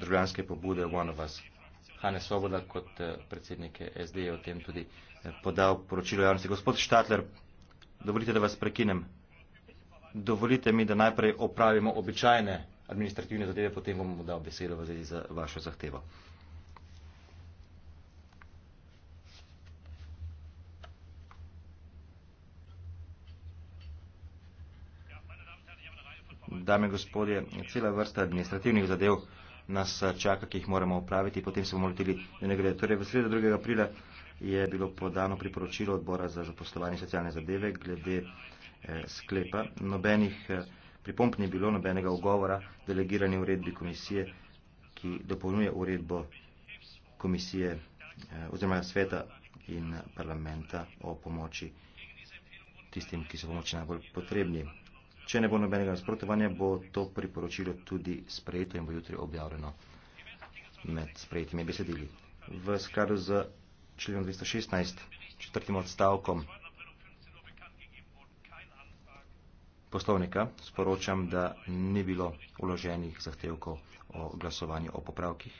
državljanske pobude One of Us. Hane Svoboda kot eh, predsednike eh, SD je o tem tudi eh, podal poročilo javnosti. Gospod Štatler, dovolite, da vas prekinem. Dovolite mi, da najprej opravimo običajne administrativne zadeve, potem vam bom dal besedo v zvezi za vašo zahtevo. Dame gospodje, cela vrsta administrativnih zadev nas eh, čaka, ki jih moramo opraviti, potem se bomo letili do negre. Torej, v sredo 2. aprila je bilo podano priporočilo odbora za zaposlovanje socialne zadeve glede eh, sklepa. Nobenih eh, pripomp ni bilo, nobenega ogovora delegirani uredbi komisije, ki dopolnjuje uredbo komisije eh, oziroma sveta in eh, parlamenta o pomoči tistim, ki so pomoči najbolj potrebni. Če ne bo nobenega nasprotovanja, bo to priporočilo tudi sprejeto in bo jutri objavljeno med sprejetimi besedili. V skladu z členom 216, četrtim odstavkom poslovnika, sporočam, da ni bilo uloženih zahtevkov o glasovanju o popravkih.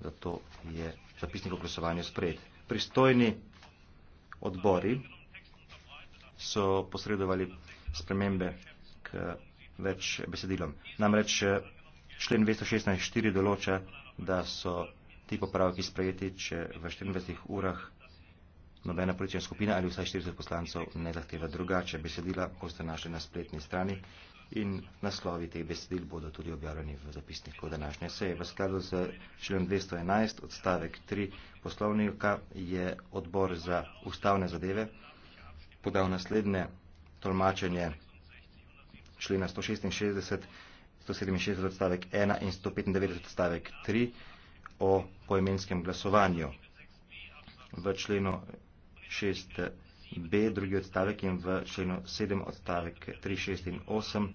Zato je zapisnik o glasovanju sprejet. Pristojni odbori so posredovali spremembe Eh, več besedilom. Namreč eh, člen 216.4 določa, da so ti popravki sprejeti, če v 24 urah nobena politična skupina ali vsaj 40 poslancev ne zahteva drugače. Besedila boste našli na spletni strani in naslovi teh besedil bodo tudi objavljeni v zapisniku današnje seje. V skladu z členom 211 odstavek 3 poslovnika je odbor za ustavne zadeve podal naslednje tolmačenje člena 166, 167 odstavek 1 in 195 odstavek 3 o poimenskem glasovanju. V členu 6b drugi odstavek in v členu 7 odstavek 3, 6 in 8